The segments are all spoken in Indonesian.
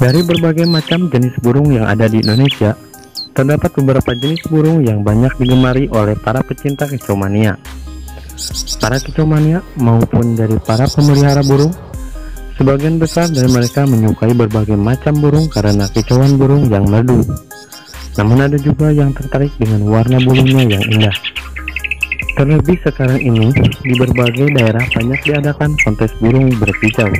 Dari berbagai macam jenis burung yang ada di Indonesia, terdapat beberapa jenis burung yang banyak digemari oleh para pecinta kicomania. Para kicomania maupun dari para pemelihara burung, sebagian besar dari mereka menyukai berbagai macam burung karena kicauan burung yang merdu. Namun ada juga yang tertarik dengan warna burungnya yang indah. Terlebih sekarang ini, di berbagai daerah banyak diadakan kontes burung berkicau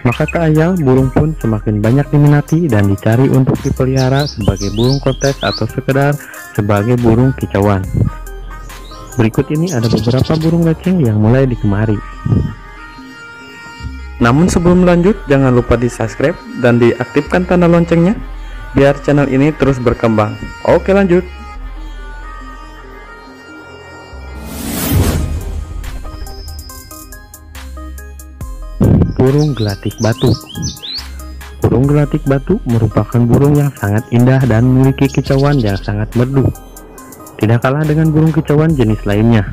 maka tak ayal burung pun semakin banyak diminati dan dicari untuk dipelihara sebagai burung kontes atau sekedar sebagai burung kicauan. Berikut ini ada beberapa burung leceng yang mulai dikemari. Namun sebelum lanjut jangan lupa di subscribe dan diaktifkan tanda loncengnya biar channel ini terus berkembang. Oke lanjut. burung gelatik batu. Burung gelatik batu merupakan burung yang sangat indah dan memiliki kicauan yang sangat merdu. Tidak kalah dengan burung kicauan jenis lainnya.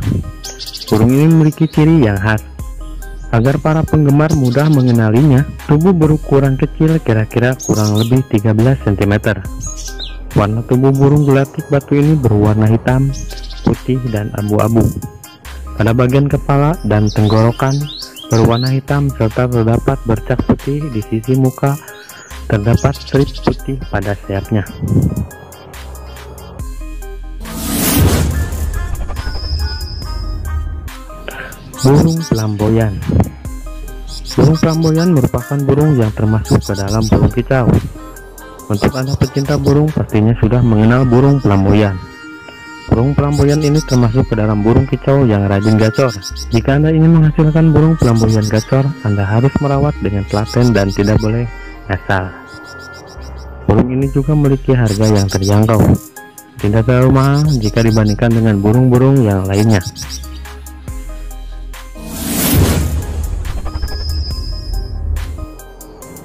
Burung ini memiliki ciri yang khas. Agar para penggemar mudah mengenalinya, tubuh berukuran kecil kira-kira kurang lebih 13 cm. Warna tubuh burung gelatik batu ini berwarna hitam, putih, dan abu-abu. Pada bagian kepala dan tenggorokan, berwarna hitam serta terdapat bercak putih di sisi muka terdapat strip putih pada sayapnya burung flamboyan burung flamboyan merupakan burung yang termasuk ke dalam burung kicau untuk anda pecinta burung pastinya sudah mengenal burung flamboyan Burung pelamboyan ini termasuk ke dalam burung kicau yang rajin gacor. Jika Anda ingin menghasilkan burung pelamboyan gacor, Anda harus merawat dengan telaten dan tidak boleh asal. Burung ini juga memiliki harga yang terjangkau. Tidak terlalu mahal jika dibandingkan dengan burung-burung yang lainnya.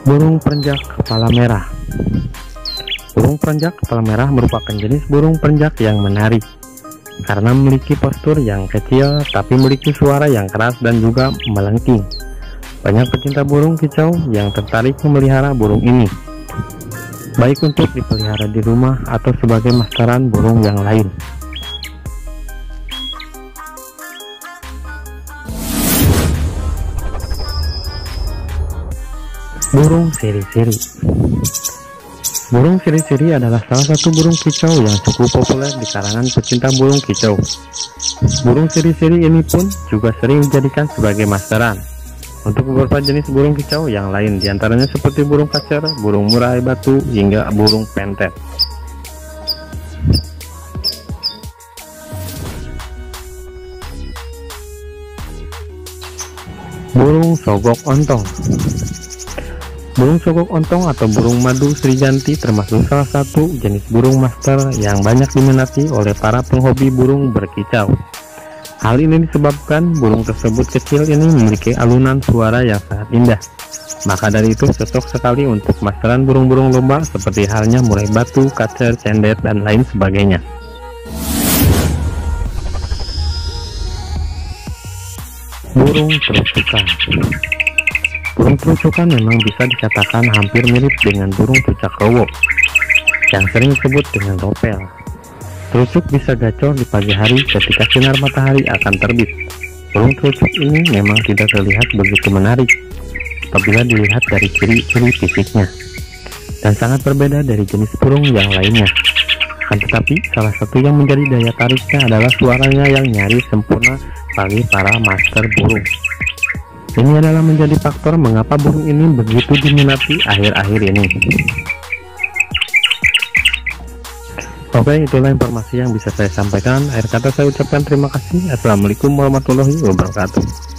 Burung perenjak kepala merah Burung perenjak kepala merah merupakan jenis burung perenjak yang menarik karena memiliki postur yang kecil tapi memiliki suara yang keras dan juga melengking. Banyak pecinta burung kicau yang tertarik memelihara burung ini, baik untuk dipelihara di rumah atau sebagai masteran burung yang lain. Burung siri-siri Burung ciri-ciri adalah salah satu burung kicau yang cukup populer di kalangan pecinta burung kicau. Burung ciri-ciri ini pun juga sering dijadikan sebagai masteran. Untuk beberapa jenis burung kicau yang lain, diantaranya seperti burung kacer, burung murai batu, hingga burung pentet. Burung sogok ontong Burung cokok ontong atau burung madu Sriganti termasuk salah satu jenis burung master yang banyak diminati oleh para penghobi burung berkicau. Hal ini disebabkan burung tersebut kecil ini memiliki alunan suara yang sangat indah. Maka dari itu cocok sekali untuk masteran burung-burung lomba seperti halnya mulai batu, kacer, cendet, dan lain sebagainya. Burung terus Burung perucukan memang bisa dikatakan hampir mirip dengan burung pucak rowo yang sering disebut dengan ropel. Terucuk bisa gacor di pagi hari ketika sinar matahari akan terbit. Burung terucuk ini memang tidak terlihat begitu menarik apabila dilihat dari ciri-ciri fisiknya dan sangat berbeda dari jenis burung yang lainnya. Akan tetapi, salah satu yang menjadi daya tariknya adalah suaranya yang nyaris sempurna bagi para master burung. Ini adalah menjadi faktor mengapa burung ini begitu diminati akhir-akhir ini. Oke, itulah informasi yang bisa saya sampaikan. Akhir kata saya ucapkan terima kasih. Assalamualaikum warahmatullahi wabarakatuh.